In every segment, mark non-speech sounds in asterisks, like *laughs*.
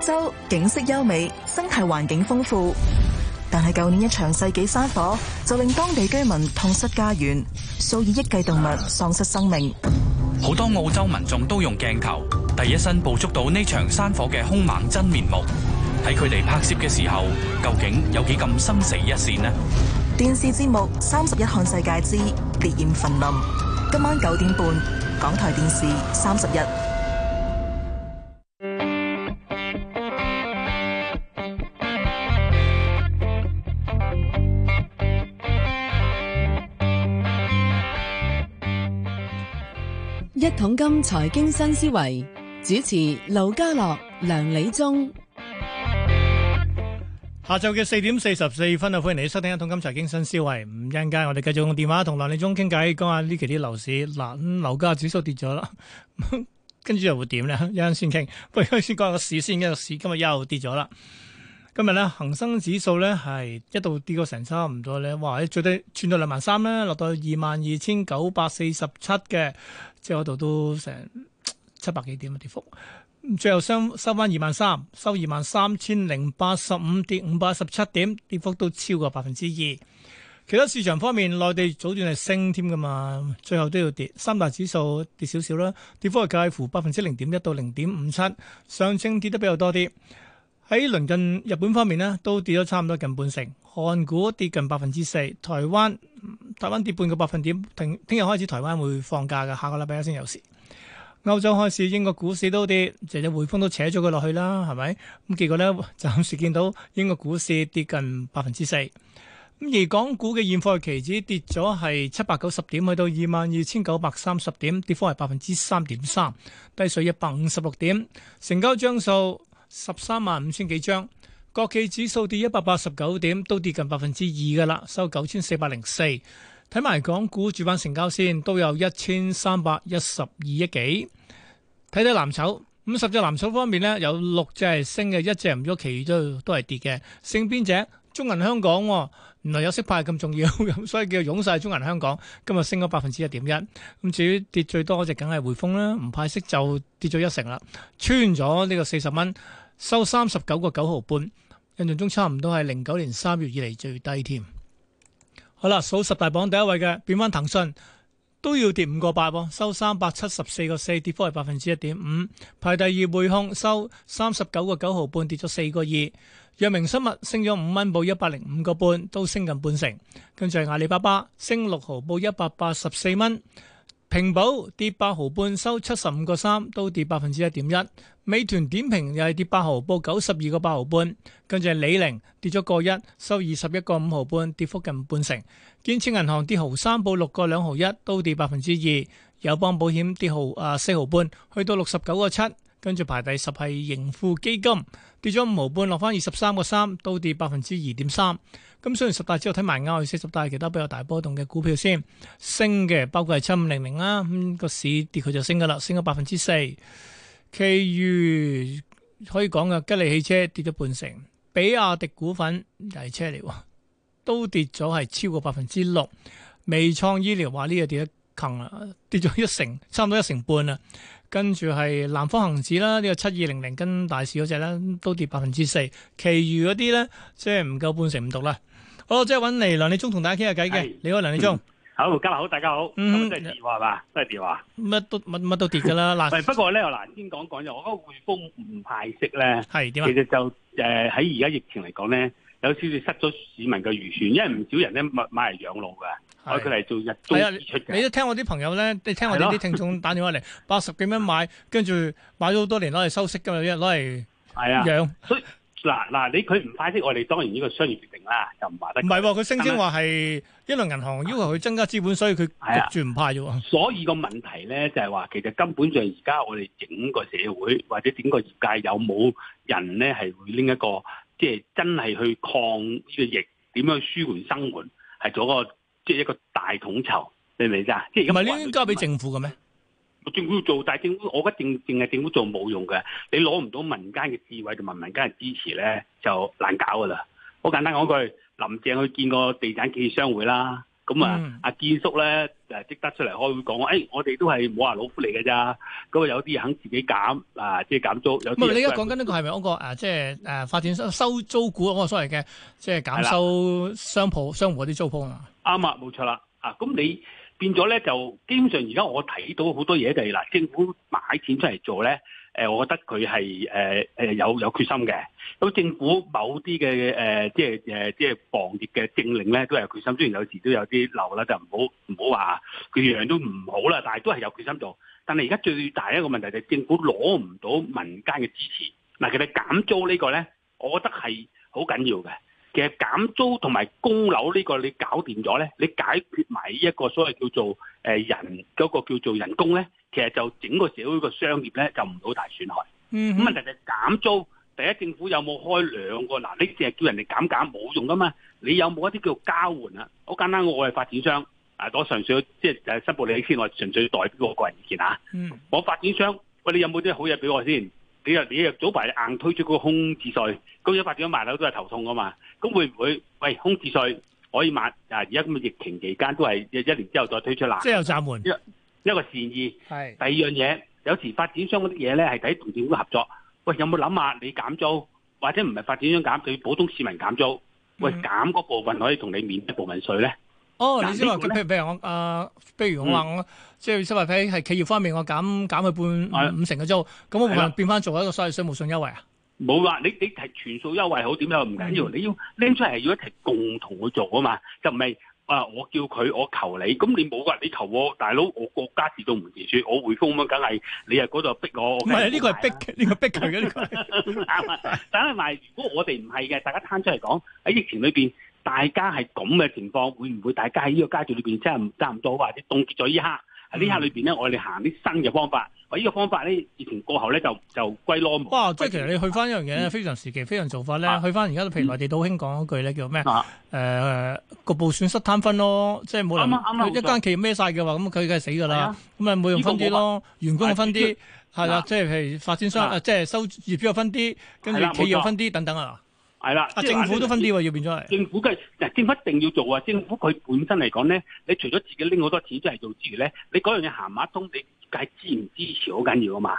洲景色優美，生態環境豐富，但係舊年一場世紀山火就令當地居民痛失家園，數以億計動物喪失生命。好多澳洲民眾都用鏡頭第一身捕捉到呢場山火嘅兇猛真面目。喺佢哋拍攝嘅時候，究竟有幾咁生死一綫呢？電視節目《三十一看世界之烈焰焚林》，今晚九點半，港台電視三十一。一桶金財經新思維主持劉家樂梁理中，下晝嘅四點四十四分啊，歡迎嚟收聽一桶金財經新思維。唔一陣間，我哋繼續用電話同梁理中傾偈，講下呢期啲樓市。嗱、啊，咁樓價指數跌咗啦，跟 *laughs* 住又會點咧？一陣先傾，不如開先講下個市先聊聊。因為市今日又跌咗啦。今日咧，恒生指數咧係一度跌咗成差唔多咧，哇！最低穿到兩萬三啦，落到二萬二千九百四十七嘅，即係度都成七百幾點嘅跌幅。最後收收翻二萬三，收二萬三千零八十五，跌五百一十七點，跌幅都超過百分之二。其他市場方面，內地早段係升添㗎嘛，最後都要跌。三大指數跌少少啦，跌幅係介乎百分之零點一到零點五七，上證跌得比較多啲。喺鄰近日本方面呢都跌咗差唔多近半成，韓股跌近百分之四，台灣台灣跌半個百分點。聽聽日開始台灣會放假噶下個禮拜一先有市。歐洲開始，英國股市都跌，甚至匯豐都扯咗佢落去啦，係咪？咁結果咧，暫時見到英國股市跌近百分之四。咁而港股嘅現貨期指跌咗係七百九十點，去到二萬二千九百三十點，跌幅係百分之三點三，低水一百五十六點，成交張數十三萬五千幾張，國企指數跌一百八十九點，都跌近百分之二噶啦，收九千四百零四。睇埋港股主板成交先，都有一千三百一十二億幾。睇睇藍籌，五十隻藍籌方面呢，有六隻係升嘅，一隻唔喐，其餘都都係跌嘅。升邊隻？中銀香港喎。原來有色派咁重要，所以叫湧晒中銀香港。今日升咗百分之一點一，咁至於跌最多嗰隻，梗係匯豐啦。唔派息就跌咗一成啦，穿咗呢個四十蚊，收三十九個九毫半，印象中差唔多係零九年三月以嚟，最低添。好啦，數十大榜第一位嘅，變翻騰訊。都要跌五個八，收三百七十四個四，跌幅係百分之一點五。排第二，匯控收三十九個九毫半，跌咗四個二。藥明生物升咗五蚊，報一百零五個半，都升近半成。跟住係阿里巴巴升六毫報元，報一百八十四蚊。平保跌八毫半，收七十五個三，都跌百分之一點一。美團點評又係跌八毫，報九十二個八毫半。跟住係李寧跌咗個一，收二十一個五毫半，跌幅近半成。建設銀行跌毫三，報六個兩毫一，都跌百分之二。友邦保險跌毫啊四毫半，去到六十九個七。跟住排第十係盈富基金，跌咗五毫半，落返二十三個三，都跌百分之二點三。咁雖然十大之後睇埋啱，佢四十大其他比較大波動嘅股票先升嘅，包括係七五零零啦，咁個市跌佢就升㗎啦，升咗百分之四。其餘可以講嘅吉利汽車跌咗半成，比亞迪股份又係車嚟，都跌咗係超過百分之六。微創醫療話呢個跌得坑啦，跌咗一成，差唔多一成半啊。跟住係南方恆指啦，呢、這個七二零零跟大市嗰隻啦，都跌百分之四，其餘嗰啲咧即係唔夠半成唔到啦。好，即係揾嚟梁理中同大家傾下偈嘅，是你好梁理中，好家下好大家好，咁嗯，係電話吧，嘛，都係電話，乜都乜乜都跌㗎啦。嗱 *laughs* 那，不過咧嗱，先講講就，我覺得匯豐唔派息咧，係點？其實就誒喺而家疫情嚟講咧，有少少失咗市民嘅預算，因為唔少人咧買買嚟養老㗎。佢嚟、啊、做日租、啊、你都聽我啲朋友咧，你聽我啲啲聽眾打電話嚟，八十幾蚊買，跟住買咗好多年攞嚟收息噶嘛，一日攞嚟係啊養。所以嗱嗱你佢唔派息，我哋當然呢個商業決定啦，就唔話得。唔係佢聲稱話係是一輪銀行要求佢增加資本，所以佢迫住唔派咗。所以個問題咧就係話，其實根本上而家我哋整個社會或者整個業界有冇人咧係會拎一個即係、就是、真係去抗呢個疫，點樣舒緩生活，係做一個。即係一個大統籌，明唔明啫？即係唔係呢？交俾政府嘅咩？政府要做，但係政府我覺得淨淨係政府做冇用嘅，你攞唔到民間嘅智慧同埋民間嘅支持咧，就難搞噶啦。好簡單講句，林鄭去見過地產建設商會啦，咁、嗯、啊，阿建叔咧。誒即刻出嚟，開會講誒，我哋都係冇話老虎嚟嘅咋，咁啊有啲人肯自己減啊，即係減租。咁、那個、啊，你而家講緊呢個係咪嗰個即係誒發展商收收租股嗰個所謂嘅，即係減收商鋪、了商戶嗰啲租鋪啊？啱啊，冇錯啦。啊，咁你變咗咧，就基本上而家我睇到好多嘢就係、是、嗱，政府買錢出嚟做咧。誒，我覺得佢係誒有有決心嘅。咁政府某啲嘅誒，即係誒，即係防疫嘅政令咧，都係有決心。雖然有時都有啲漏啦，就唔好唔好話佢樣樣都唔好啦，但係都係有決心做。但係而家最大一個問題就係政府攞唔到民間嘅支持。嗱，其實減租呢個咧，我覺得係好緊要嘅。其實減租同埋供樓呢個你搞掂咗咧，你解決埋呢一個所謂叫做誒人嗰個叫做人工咧，其實就整個社會個商業咧就唔好大損害。嗯，咁問題就係減租，第一，政府有冇開兩個嗱？你淨係叫人哋減價冇用噶嘛？你有冇一啲叫做交換啊？好簡單，我係發展商啊，我純粹即係申報你先，我純粹代表我個人意見嚇。嗯，我發展商喂，你有冇啲好嘢俾我先？你又你又早排硬推出嗰個空置稅，咁有發展商賣樓都係頭痛噶嘛？咁會唔會？喂，空置稅可以買？啊，而家咁嘅疫情期間都係一年之後再推出啦。即係有暫緩，一一個善意。是第二樣嘢，有時發展商嗰啲嘢咧係睇同政府合作。喂，有冇諗下你減租，或者唔係發展商減，對普通市民減租？喂，減嗰部分可以同你免一部分稅咧？哦，但 你先話，譬如譬如我啊，譬、呃、如我話我即係，消費費係企業方面，我減減去半五成嘅租，咁、哎、我能變翻做一個所謂雙務性優惠啊？冇話，你你提全數優惠好點樣唔緊要，你要拎出嚟要一齊共同去做啊嘛，就唔係啊！我叫佢，我求你，咁你冇噶，你求我，大佬我國家自自我家事都唔掂，説我匯豐咁樣，梗係你啊嗰度逼我。唔係呢個係逼呢、這個逼佢嘅呢個是， *laughs* 但係埋如果我哋唔係嘅，大家攤出嚟講喺疫情裏邊。大家係咁嘅情況，會唔會大家喺呢個階段裏邊真係唔得唔到，或者凍結咗呢刻喺呢刻裏邊咧？我哋行啲新嘅方法，或呢個方法咧，疫情過後咧就就歸攞。哇！即係其實你去翻一樣嘢咧，非常時期、非常做法咧，去翻而家，譬如內地都興講一句咧，叫咩？誒，局部損失攤分咯，即係冇人一間企業孭晒嘅話，咁佢梗係死㗎啦。咁啊，冇用分啲咯，員工分啲，係啦，即係譬如發展商，即係收業主又分啲，跟住企業又分啲等等啊。係啦，啊、政府都分啲要變咗係政府嘅，嗱，政府一定要做啊！政府佢本身嚟講咧，你除咗自己拎好多錢出嚟做之餘咧，你嗰樣嘢，行下通，你業界支唔支持好緊要啊嘛！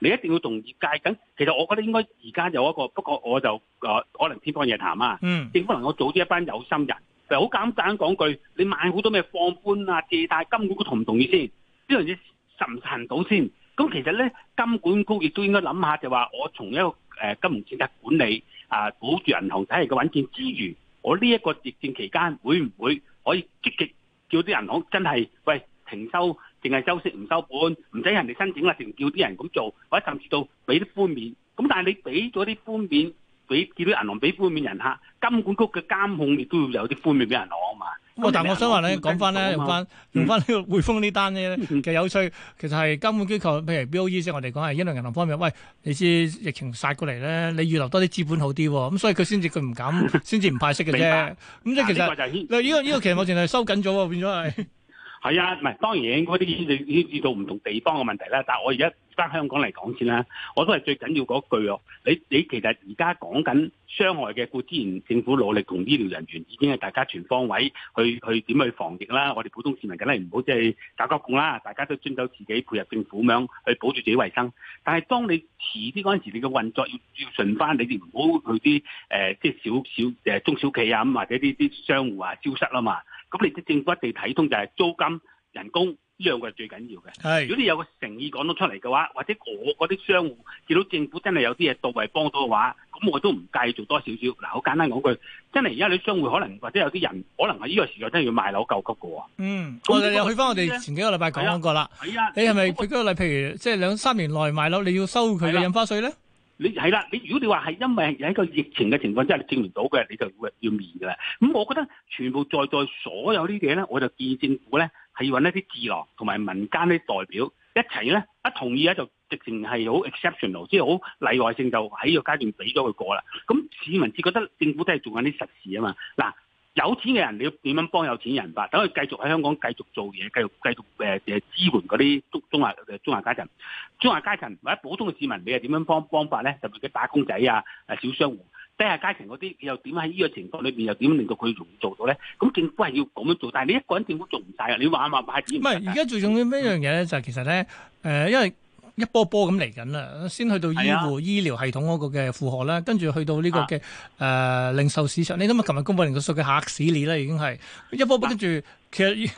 你一定要同業界咁。其實我覺得應該而家有一個，不過我就可能天方夜譚啊。嗯，政府能夠組織一班有心人，就好簡單講句，你買好多咩放寬啊、借貸、金管同唔同意先？呢樣嘢實唔實行到先。咁其實咧，金管局亦都應該諗下，就話我從一個誒、呃、金融政策管理。啊！保住銀行睇嚟個穩健之餘，我呢一個疫症期間會唔會可以積極叫啲銀行真係喂，停收，淨係收息唔收本，唔使人哋申請啦，定叫啲人咁做，或者甚至到俾啲寬免？咁但係你俾咗啲寬免，俾叫啲銀行俾寬免，人客金管局嘅監控亦都要有啲寬免俾人攞。哦、但我想話咧，講翻咧，用翻用翻呢、呢個匯豐呢單咧，其實有趣。其實係監管機構，譬如 BOE 即我哋講係英國銀行方面。喂，你知疫情殺過嚟咧，你預留多啲資本好啲喎、哦。咁所以佢先至佢唔敢，先至唔派息嘅啫。咁即係其實，嗱呢個呢、就是、個其實目前係收緊咗喎，變咗係。嗯係啊，唔係當然應該啲要要遇到唔同地方嘅問題啦。但係我而家返香港嚟講先啦，我都係最緊要嗰句哦。你你其實而家講緊傷害嘅，固然政府努力同醫療人員已經係大家全方位去去點去防疫啦。我哋普通市民梗係唔好即係打隔控啦，大家都遵守自己配合政府咁樣去保住自己衞生。但係當你遲啲嗰陣時，你嘅運作要要順翻，你哋唔好去啲誒、呃、即係小小誒中小企啊咁或者啲啲商戶啊消失啦嘛。咁你啲政府一定睇通，就係租金、人工呢兩個係最緊要嘅。是如果你有個誠意講到出嚟嘅話，或者我嗰啲商戶見到政府真係有啲嘢到位幫到嘅話，咁我都唔介意做多少少。嗱，好簡單講句，真係而家啲商戶可能或者有啲人可能喺呢個時代真係要賣樓救急嘅喎。嗯，我哋又去翻我哋前幾個禮拜講過啦。啊啊、你係咪舉個例？譬如即係兩三年內賣樓，你要收佢嘅印花稅咧？你係啦，你如果你話係因為係喺個疫情嘅情況之下證唔到嘅，你就要要面噶啦。咁我覺得全部在在所有啲嘢咧，我就建議政府咧係要搵一啲智囊同埋民間啲代表一齊咧一同意咧就直情係好 exceptional，即係好例外性就喺呢個階段俾咗佢過啦。咁市民至覺得政府都係做緊啲實事啊嘛，嗱。有錢嘅人，你要點樣幫有錢人法？等佢繼續喺香港繼續做嘢，繼續繼續誒誒、呃、支援嗰啲中中下誒中下階層、中下階層或者普通嘅市民，你係點樣幫幫法咧？特別啲打工仔啊、誒小商戶、低下階層嗰啲，又點喺呢個情況裏面又點令到佢容易做到咧？咁政府係要咁樣做，但係你一個人政府做唔晒啊！你話唔話唔係？而家最重要咩一樣嘢咧，嗯、就係其實咧，誒、呃，因為。一波波咁嚟緊啦，先去到醫護醫療系統嗰個嘅負荷啦，哎、呀跟住去到呢個嘅誒、啊呃、零售市場，你諗下，琴日公佈零售數據，嚇死你啦，已經係一波波，啊、跟住其實佢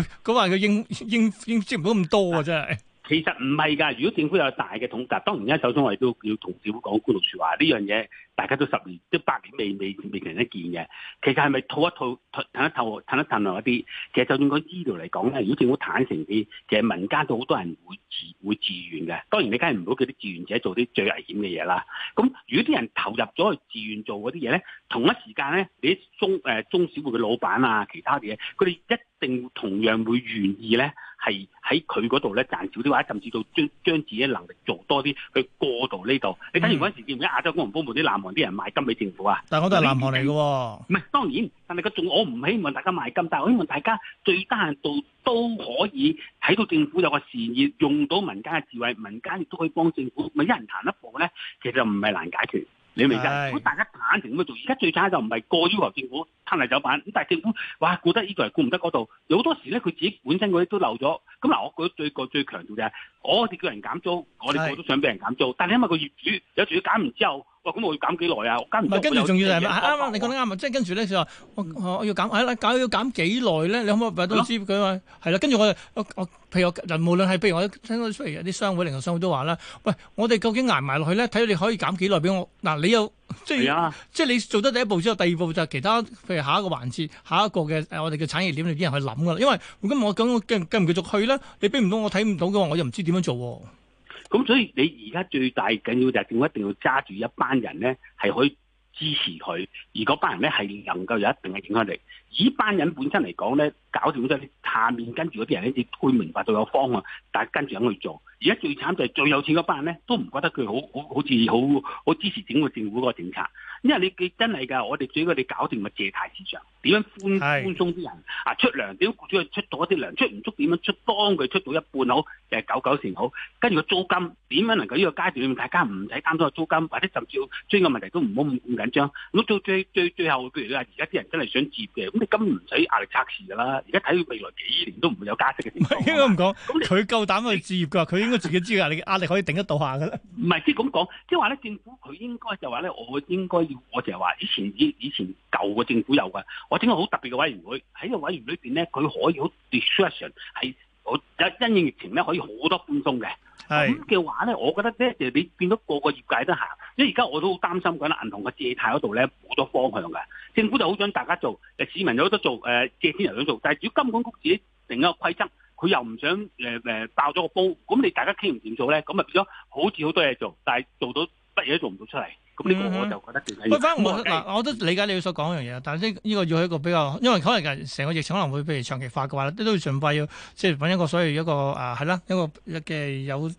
佢佢話佢應應接唔到咁多啊，真係。啊哎其實唔係㗎，如果政府有大嘅統籌，當然而家首先我哋都要同政府講官説話呢樣嘢，大家都十年、都百年未未未能一見得見嘅。其實係咪套一套、褪一透、褪一氫啊啲？其實就算講醫療嚟講咧，如果政府坦誠啲，其實民間都好多人會自會自願嘅。當然你梗係唔好叫啲志願者做啲最危險嘅嘢啦。咁如果啲人投入咗去自願做嗰啲嘢咧，同一時間咧，你中誒、呃、中小企嘅老闆啊，其他嘅嘢，佢哋一。定同樣會願意咧，係喺佢嗰度咧賺少啲，或者甚至到將自己嘅能力做多啲去過渡呢度。你睇完嗰陣時，見唔見亞洲金融風暴啲南韓啲人買金俾政府啊？但係我都係南韓嚟嘅、哦，唔係當然，係咪佢仲我唔希望大家買金，但係我希望大家最低限度都可以睇到政府有個善意，用到民間嘅智慧，民間亦都可以幫政府，咪一人彈一步咧。其實唔係難解決。你明㗎？大家單眼咁樣做，而家最差就唔係過於求政府撐嚟走板，咁但係政府哇顧得依度又顧唔得嗰度，好多時咧佢自己本身嗰啲都漏咗。咁嗱，我覺得最個最強調就係，我哋叫人減租，我哋個都想俾人減租，但係因為個業主有時要減完之後。咁、哦、我要減幾耐啊？有有呢跟住仲要係咪？啱啊，你講得啱啊！即係跟住咧，就話我，嗯哦、我要減，係啦，減要減幾耐咧？你可唔可以唔係都知佢啊？係啦的，跟住我，我，我譬如我，無論係譬如我聽到出嚟有啲商會、零售商會都話啦，喂，我哋究竟捱埋落去咧？睇到你可以減幾耐俾我。嗱、啊，你又即係的即係你做得第一步之後，第二步就係其他，譬如下一個環節、下一個嘅、啊、我哋嘅產業鏈你啲人去諗噶啦。因為咁我咁我跟跟唔繼續去咧？你俾唔到我睇唔到嘅話，我又唔知點樣做喎、啊。咁所以你而家最大緊要就係政府一定要揸住一班人咧，係可以支持佢，而嗰班人咧係能夠有一定嘅影響力。以班人本身嚟講咧，搞掂咗，下面跟住嗰啲人咧，你會明白到有方向，但係跟住咁去做。而家最慘就係最有錢嗰班人咧，都唔覺得佢好好好似好好支持整個政府嗰個政策。因為你你真係㗎，我哋主要你搞掂個借貸市場，點樣寬寬鬆啲人是啊出糧點？只要出到一啲糧，出唔足點樣出？當佢出到一半好，誒九九成好。跟住個租金點樣能夠呢個階段裏面大家唔使擔心個租金，或者甚至於呢個問題都唔好咁緊張。咁到最最最後譬如你話而家啲人真係想接嘅，咁你根本唔使壓力測試㗎啦。而家睇佢未來幾年都唔會有加息嘅情況。唔係唔講，咁佢夠膽去接嘅，佢應該自己知㗎。你壓 *laughs* 力可以頂得到下㗎啦。唔係即係咁講，即係話咧，政府佢應該就話咧，我應該。我就係話，以前以以前舊個政府有嘅，我整個好特別嘅委員會，喺個委員裏邊咧，佢可以好 discussion 係我因應疫情咧，可以好多寬鬆嘅。咁嘅是話咧，我覺得咧就你變到個個業界都行，因為而家我都好擔心，講緊銀行嘅借貸嗰度咧冇咗方向嘅。政府就好想大家做，誒市民有得做，誒、呃、借錢人想做，但係如果金管局自己定一個規則，佢又唔想誒誒、呃、爆咗個煲，咁你大家傾唔掂做咧，咁咪變咗好似好多嘢做，但係做到乜嘢都做唔到出嚟。咁呢、嗯、個我就覺得其我嗱計，我都理解你要所講嘅樣嘢但係呢呢個要係一個比較，因為可能成個疫情可能會譬如長期化嘅話咧，都都要儘快要即係揾一個所以一個啊，係啦，一個一嘅有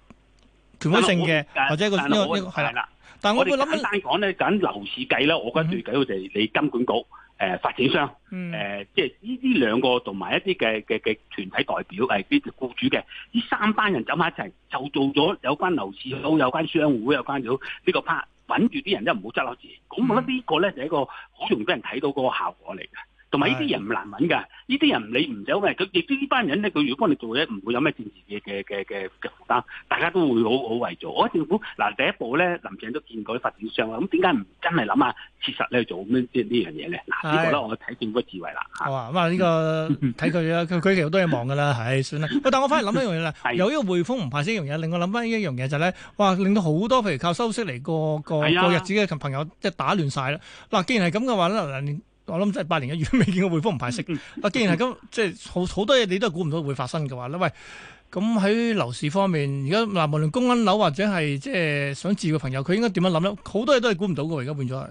權威性嘅，或者一個呢個係啦。但係我會諗單講咧緊樓市計啦，我覺得最緊要就係你金管局。誒、呃、發展商，誒、呃、即係呢呢兩個同埋一啲嘅嘅嘅團體代表，係啲僱主嘅，呢三班人走埋一齊，就做咗有關樓市，到有關商戶，有關到呢個 part，穩住啲人咧，唔好執落住。咁我覺得呢個咧就係一個好容易俾人睇到嗰個效果嚟嘅。同埋呢啲人唔難揾㗎，呢啲人你唔使憂嘅，佢亦都呢班人咧，佢如果幫你做咧，唔會有咩政治嘅嘅嘅嘅負擔，大家都會好好為做。我政府嗱第一步咧，林鄭都見過啲發展商，咁點解唔真係諗下，切實咧做呢是呢樣嘢咧？嗱，覺得我睇政府嘅智慧啦嚇。咁啊呢個睇佢啊，佢、這、佢、個、 *laughs* 其實都係忙㗎啦，係算啦。但我翻嚟諗一樣嘢啦，的有呢個匯豐唔派息一樣嘢，令我諗翻一樣嘢就咧、是，哇！令到好多譬如靠收息嚟過過過日子嘅朋友，即係打亂晒啦。嗱、啊，既然係咁嘅話咧，我諗即係八年一月未見過匯豐唔派息。啊，既然係咁，即係好好多嘢你都係估唔到會發生嘅話咧。喂，咁喺樓市方面，而家嗱，無論公屋樓或者係即係想住嘅朋友，佢應該點樣諗咧？好多嘢都係估唔到嘅。而家變咗，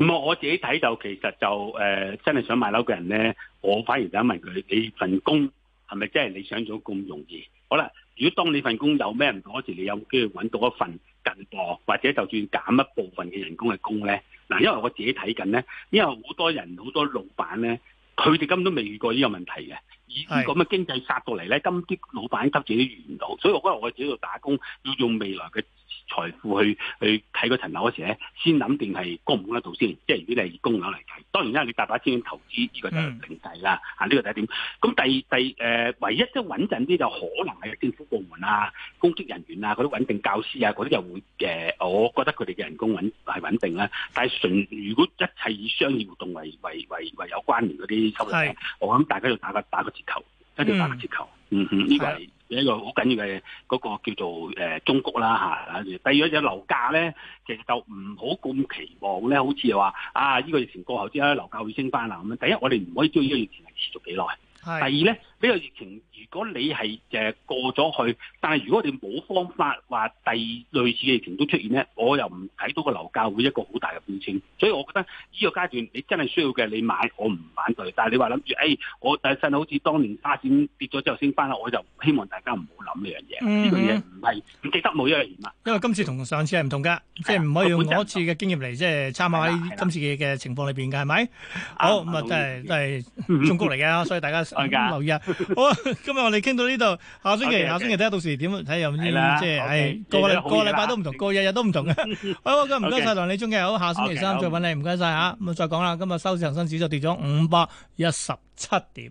唔係我自己睇就其實就誒、呃，真係想買樓嘅人咧，我反而就想問佢：你份工係咪真係你想咗咁容易？好啦，如果當你份工有咩唔妥，嗰時，你有冇機會搵到一份？近步或者就算減一部分嘅人工嘅工咧，嗱，因為我自己睇緊咧，因為好多人好多老闆咧，佢哋根本都未遇過呢個問題嘅，以咁嘅經濟殺到嚟咧，今啲老闆得自己預唔到，所以我覺得我自己喺度打工要用未來嘅財富去去睇嗰層樓嗰時咧，先諗定係供唔供得到先。即係如果你以供樓嚟睇，當然啦，你大把資金投資，呢、呢個就定價啦。係呢、嗯、個第一點。咁第第誒唯一都穩陣啲就可能係政府部門啊、公職人員啊、嗰啲穩定教師啊，嗰啲就會嘅、呃。我覺得佢哋嘅人工穩係穩定啦、啊。但係純如果一切以商業活動為為為為有關聯嗰啲收入，是我諗大家要打個打個折扣，一定要打個折扣。嗯哼，呢個係。的一個好緊要嘅嗰個叫做誒中國啦嚇，第二就樓價咧，其實就唔好咁期望咧，好似話啊呢個疫情過後之後，樓價會升翻啦咁樣。第一，我哋唔可以將呢個疫情持續幾耐。第二咧。呢個疫情，如果你係誒過咗去，但係如果你冇方法話第類似嘅疫情都出現咧，我又唔睇到個樓價會一個好大嘅變遷。所以我覺得呢個階段你真係需要嘅，你買我唔反對。但係你話諗住誒，我等陣好似當年沙士跌咗之後先翻啦，我就希望大家唔好諗呢樣嘢。嗯、嗯，呢個嘢唔係唔記得冇一樣嘢。因為今次同上次係唔同㗎，即係唔可以用嗰次嘅經驗嚟，即係參考喺今次嘅嘅情況裏邊㗎，係咪？的好咁啊，即係都係重谷嚟嘅，嗯嗯，所以大家、嗯、的留意啊。好啊，今日我哋傾到呢度，下星期下星期睇下到時點睇又唔知，即係係個個禮拜都唔同，個日日都唔同嘅。好，唔該晒，梁理中嘅。好，下星期三再搵你，唔該晒吓。咁再講啦，今日收市恒生指數跌咗五百一十七點。